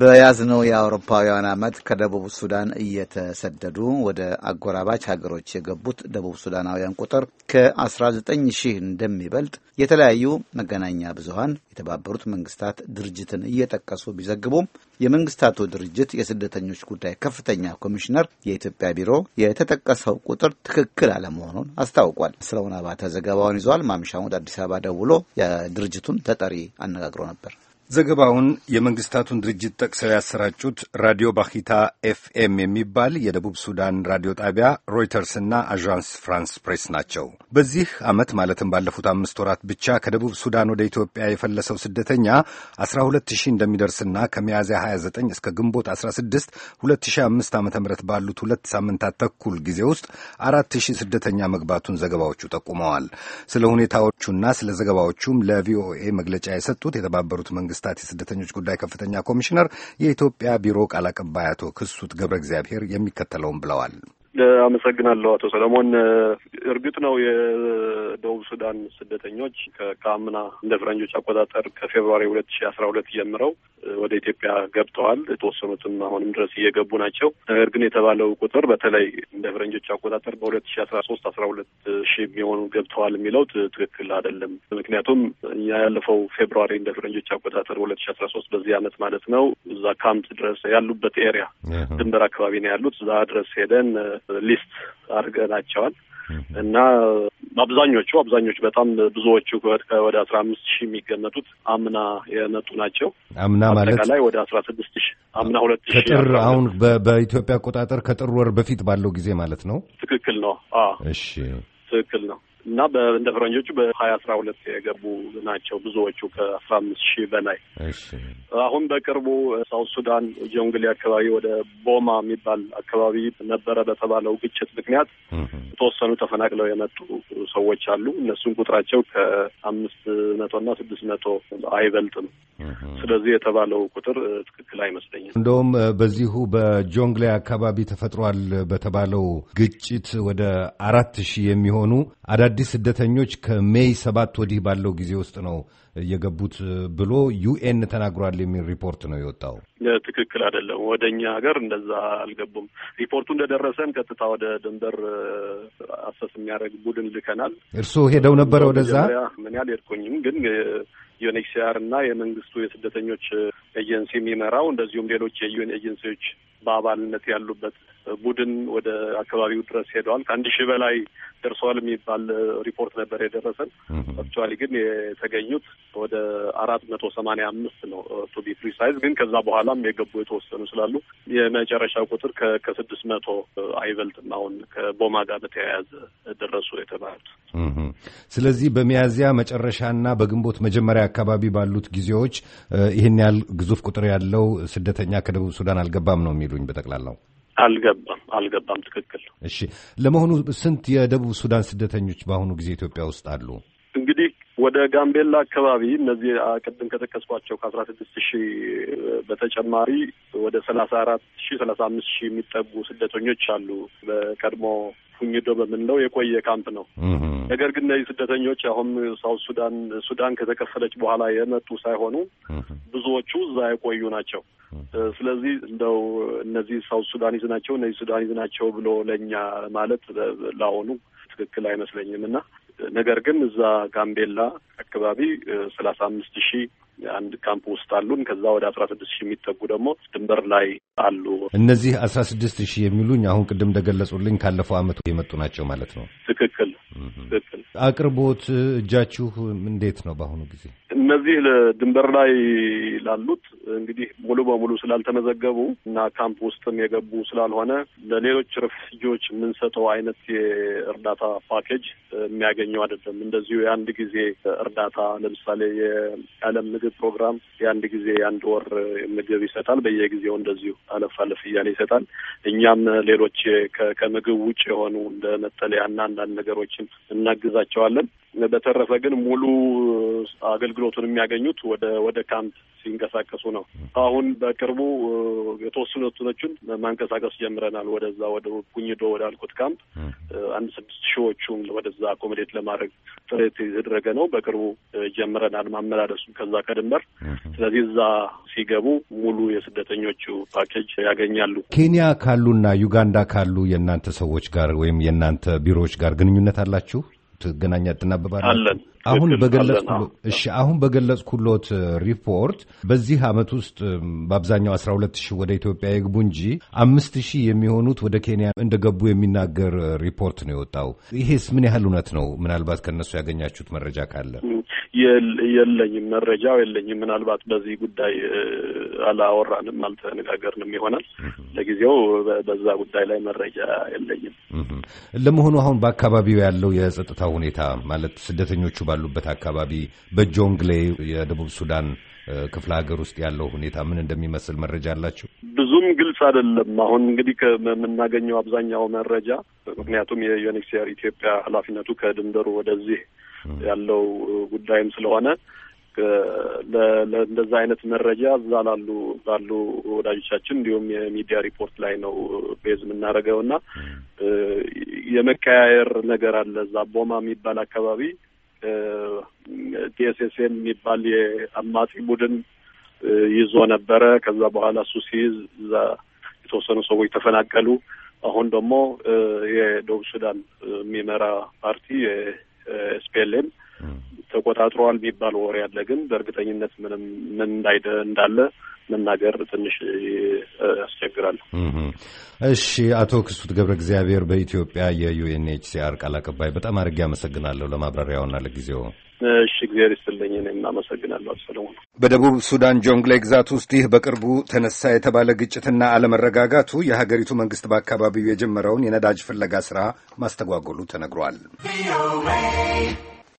በያዝነው የአውሮፓውያን ዓመት ከደቡብ ሱዳን እየተሰደዱ ወደ አጎራባች ሀገሮች የገቡት ደቡብ ሱዳናውያን ቁጥር ከ19 ሺህ እንደሚበልጥ የተለያዩ መገናኛ ብዙሀን የተባበሩት መንግስታት ድርጅትን እየጠቀሱ ቢዘግቡም የመንግስታቱ ድርጅት የስደተኞች ጉዳይ ከፍተኛ ኮሚሽነር የኢትዮጵያ ቢሮ የተጠቀሰው ቁጥር ትክክል አለመሆኑን አስታውቋል። ስለሆነ አባተ ዘገባውን ይዟል። ማምሻውን አዲስ አበባ ደውሎ የድርጅቱን ተጠሪ አነጋግሮ ነበር። ዘገባውን የመንግስታቱን ድርጅት ጠቅሰው ያሰራጩት ራዲዮ ባኪታ ኤፍኤም የሚባል የደቡብ ሱዳን ራዲዮ ጣቢያ ሮይተርስና አዣንስ ፍራንስ ፕሬስ ናቸው። በዚህ ዓመት ማለትም ባለፉት አምስት ወራት ብቻ ከደቡብ ሱዳን ወደ ኢትዮጵያ የፈለሰው ስደተኛ 120 እንደሚደርስና ከሚያዝያ 29 እስከ ግንቦት 16 2005 ዓ ም ባሉት ሁለት ሳምንታት ተኩል ጊዜ ውስጥ አራት ስደተኛ መግባቱን ዘገባዎቹ ጠቁመዋል። ስለ ሁኔታዎቹና ስለ ዘገባዎቹም ለቪኦኤ መግለጫ የሰጡት የተባበሩት መንግስት መንግስታት የስደተኞች ጉዳይ ከፍተኛ ኮሚሽነር የኢትዮጵያ ቢሮ ቃል አቀባይ አቶ ክሱት ገብረ እግዚአብሔር የሚከተለውን ብለዋል። አመሰግናለሁ አቶ ሰለሞን። እርግጥ ነው የደቡብ ሱዳን ስደተኞች ከአምና እንደ ፈረንጆች አቆጣጠር ከፌብሩዋሪ ሁለት ሺ አስራ ሁለት ጀምረው ወደ ኢትዮጵያ ገብተዋል። የተወሰኑትም አሁንም ድረስ እየገቡ ናቸው። ነገር ግን የተባለው ቁጥር በተለይ እንደ ፈረንጆች አቆጣጠር በሁለት ሺ አስራ ሶስት አስራ ሁለት ሺ የሚሆኑ ገብተዋል የሚለው ትክክል አይደለም። ምክንያቱም እኛ ያለፈው ፌብሩዋሪ እንደ ፈረንጆች አቆጣጠር ሁለት ሺ አስራ ሶስት በዚህ አመት ማለት ነው እዛ ካምፕ ድረስ ያሉበት ኤሪያ ድንበር አካባቢ ነው ያሉት እዛ ድረስ ሄደን ሊስት አድርገናቸዋል እና አብዛኞቹ አብዛኞቹ በጣም ብዙዎቹ ወደ አስራ አምስት ሺህ የሚገመጡት አምና የመጡ ናቸው። አምና ማለት አጠቃላይ ወደ አስራ ስድስት ሺህ አምና ሁለት ሺህ ከጥር አሁን በኢትዮጵያ አቆጣጠር ከጥር ወር በፊት ባለው ጊዜ ማለት ነው። ትክክል ነው። እሺ ትክክል ነው። እና እንደ ፈረንጆቹ በሀያ አስራ ሁለት የገቡ ናቸው ብዙዎቹ ከአስራ አምስት ሺህ በላይ። አሁን በቅርቡ ሳውት ሱዳን ጆንግሌ አካባቢ ወደ ቦማ የሚባል አካባቢ ነበረ በተባለው ግጭት ምክንያት የተወሰኑ ተፈናቅለው የመጡ ሰዎች አሉ። እነሱም ቁጥራቸው ከአምስት ና ስድስት መቶ አይበልጥም። ስለዚህ የተባለው ቁጥር ትክክል አይመስለኝም። እንደውም በዚሁ በጆንግሌ አካባቢ ተፈጥሯል በተባለው ግጭት ወደ አራት ሺህ የሚሆኑ አዳ አዳዲስ ስደተኞች ከሜይ ሰባት ወዲህ ባለው ጊዜ ውስጥ ነው የገቡት ብሎ ዩኤን ተናግሯል የሚል ሪፖርት ነው የወጣው። ትክክል አይደለም። ወደ እኛ ሀገር እንደዛ አልገቡም። ሪፖርቱ እንደደረሰን ቀጥታ ወደ ድንበር አሰስ የሚያደርግ ቡድን ልከናል። እርስዎ ሄደው ነበረ ወደዛ? ምን ያህል ሄድኩኝም ግን ዩኤንኤችሲአር እና የመንግስቱ የስደተኞች ኤጀንሲ የሚመራው እንደዚሁም ሌሎች የዩኤን ኤጀንሲዎች በአባልነት ያሉበት ቡድን ወደ አካባቢው ድረስ ሄደዋል። ከአንድ ሺህ በላይ ደርሰዋል የሚባል ሪፖርት ነበር የደረሰን። አክቹዋሊ ግን የተገኙት ወደ አራት መቶ ሰማንያ አምስት ነው ቱ ቢ ፕሪሳይዝ። ግን ከዛ በኋላም የገቡ የተወሰኑ ስላሉ የመጨረሻ ቁጥር ከስድስት መቶ አይበልጥም። አሁን ከቦማ ጋር በተያያዘ ደረሱ የተባሉት። ስለዚህ በሚያዝያ መጨረሻና በግንቦት መጀመሪያ አካባቢ ባሉት ጊዜዎች ይህን ያህል ግዙፍ ቁጥር ያለው ስደተኛ ከደቡብ ሱዳን አልገባም ነው የሚሉ የሚሉኝ በጠቅላላው አልገባም አልገባም። ትክክል። እሺ፣ ለመሆኑ ስንት የደቡብ ሱዳን ስደተኞች በአሁኑ ጊዜ ኢትዮጵያ ውስጥ አሉ? እንግዲህ ወደ ጋምቤላ አካባቢ እነዚህ ቅድም ከጠቀስኳቸው ከአስራ ስድስት ሺህ በተጨማሪ ወደ ሰላሳ አራት ሺህ ሰላሳ አምስት ሺህ የሚጠጉ ስደተኞች አሉ። በቀድሞ ሁኝዶ በምንለው የቆየ ካምፕ ነው ነገር ግን እነዚህ ስደተኞች አሁን ሳውት ሱዳን ሱዳን ከተከፈለች በኋላ የመጡ ሳይሆኑ ብዙዎቹ እዛ የቆዩ ናቸው። ስለዚህ እንደው እነዚህ ሳውት ሱዳኒዝ ናቸው እነዚህ ሱዳኒዝ ናቸው ብሎ ለእኛ ማለት ለአሁኑ ትክክል አይመስለኝም እና ነገር ግን እዛ ጋምቤላ አካባቢ ሰላሳ አምስት ሺህ አንድ ካምፕ ውስጥ አሉን። ከዛ ወደ አስራ ስድስት ሺህ የሚጠጉ ደግሞ ድንበር ላይ አሉ። እነዚህ አስራ ስድስት ሺህ የሚሉኝ አሁን ቅድም እንደገለጹልኝ ካለፈው አመት የመጡ ናቸው ማለት ነው። ትክክል አቅርቦት እጃችሁ እንዴት ነው በአሁኑ ጊዜ? እነዚህ ድንበር ላይ ላሉት እንግዲህ ሙሉ በሙሉ ስላልተመዘገቡ እና ካምፕ ውስጥም የገቡ ስላልሆነ ለሌሎች ረፍጂዎች የምንሰጠው አይነት የእርዳታ ፓኬጅ የሚያገኘው አይደለም። እንደዚሁ የአንድ ጊዜ እርዳታ ለምሳሌ የዓለም ምግብ ፕሮግራም የአንድ ጊዜ የአንድ ወር ምግብ ይሰጣል። በየጊዜው እንደዚሁ አለፍ አለፍ እያለ ይሰጣል። እኛም ሌሎች ከምግብ ውጭ የሆኑ እንደ መጠለያና አንዳንድ ነገሮችን እናግዛቸዋለን። በተረፈ ግን ሙሉ አገልግሎቱን የሚያገኙት ወደ ወደ ካምፕ ሲንቀሳቀሱ ነው። አሁን በቅርቡ የተወሰኑትኖቹን ማንቀሳቀስ ጀምረናል። ወደዛ ወደ ጉኝዶ ወደ አልኩት ካምፕ አንድ ስድስት ሺዎቹም ወደዛ አኮሞዴት ለማድረግ ጥረት የተደረገ ነው። በቅርቡ ጀምረናል ማመላለሱ ከዛ ከድንበር። ስለዚህ እዛ ሲገቡ ሙሉ የስደተኞቹ ፓኬጅ ያገኛሉ። ኬንያ ካሉና ዩጋንዳ ካሉ የእናንተ ሰዎች ጋር ወይም የእናንተ ቢሮዎች ጋር ግንኙነት አላችሁ? ትገናኛ ትናበባለን አለን አሁን እሺ አሁን በገለጽኩሎት ሪፖርት በዚህ ዓመት ውስጥ በአብዛኛው 12 ሺህ ወደ ኢትዮጵያ ይግቡ እንጂ አምስት ሺህ የሚሆኑት ወደ ኬንያ እንደገቡ የሚናገር ሪፖርት ነው የወጣው። ይሄስ ምን ያህል እውነት ነው? ምናልባት ከእነሱ ያገኛችሁት መረጃ ካለ። የለኝም፣ መረጃው የለኝም። ምናልባት በዚህ ጉዳይ አላወራንም፣ አልተነጋገርንም ይሆናል። ለጊዜው በዛ ጉዳይ ላይ መረጃ የለኝም። ለመሆኑ አሁን በአካባቢው ያለው የጸጥታ ሁኔታ ማለት ስደተኞቹ ባሉበት አካባቢ በጆንግሌ የደቡብ ሱዳን ክፍለ ሀገር ውስጥ ያለው ሁኔታ ምን እንደሚመስል መረጃ አላቸው? ብዙም ግልጽ አይደለም። አሁን እንግዲህ ከምናገኘው አብዛኛው መረጃ ምክንያቱም የዩኤንኤችሲአር ኢትዮጵያ ኃላፊነቱ ከድንበሩ ወደዚህ ያለው ጉዳይም ስለሆነ እንደዛ አይነት መረጃ እዛ ላሉ ላሉ ወዳጆቻችን እንዲሁም የሚዲያ ሪፖርት ላይ ነው ቤዝ የምናደርገው እና የመቀያየር ነገር አለ። እዛ ቦማ የሚባል አካባቢ ዲኤስኤስ የሚባል የአማጺ ቡድን ይዞ ነበረ። ከዛ በኋላ እሱ ሲይዝ እዛ የተወሰኑ ሰዎች ተፈናቀሉ። አሁን ደግሞ የደቡብ ሱዳን የሚመራ ፓርቲ ኤስፒኤልኤም ተቆጣጥሯል የሚባል ወሬ ያለ ግን በእርግጠኝነት ምንም ምን እንዳይደ እንዳለ መናገር ትንሽ ያስቸግራል። እሺ፣ አቶ ክሱት ገብረ እግዚአብሔር በኢትዮጵያ የዩኤንኤችሲአር ቃል አቀባይ፣ በጣም አድርጌ አመሰግናለሁ ለማብራሪያውና ለጊዜው። እሺ፣ እግዚአብሔር ይስጥልኝ። እኔም አመሰግናለሁ ሰለሞን። በደቡብ ሱዳን ጆንግሌ ግዛት ውስጥ ይህ በቅርቡ ተነሳ የተባለ ግጭትና አለመረጋጋቱ የሀገሪቱ መንግስት በአካባቢው የጀመረውን የነዳጅ ፍለጋ ስራ ማስተጓጎሉ ተነግሯል።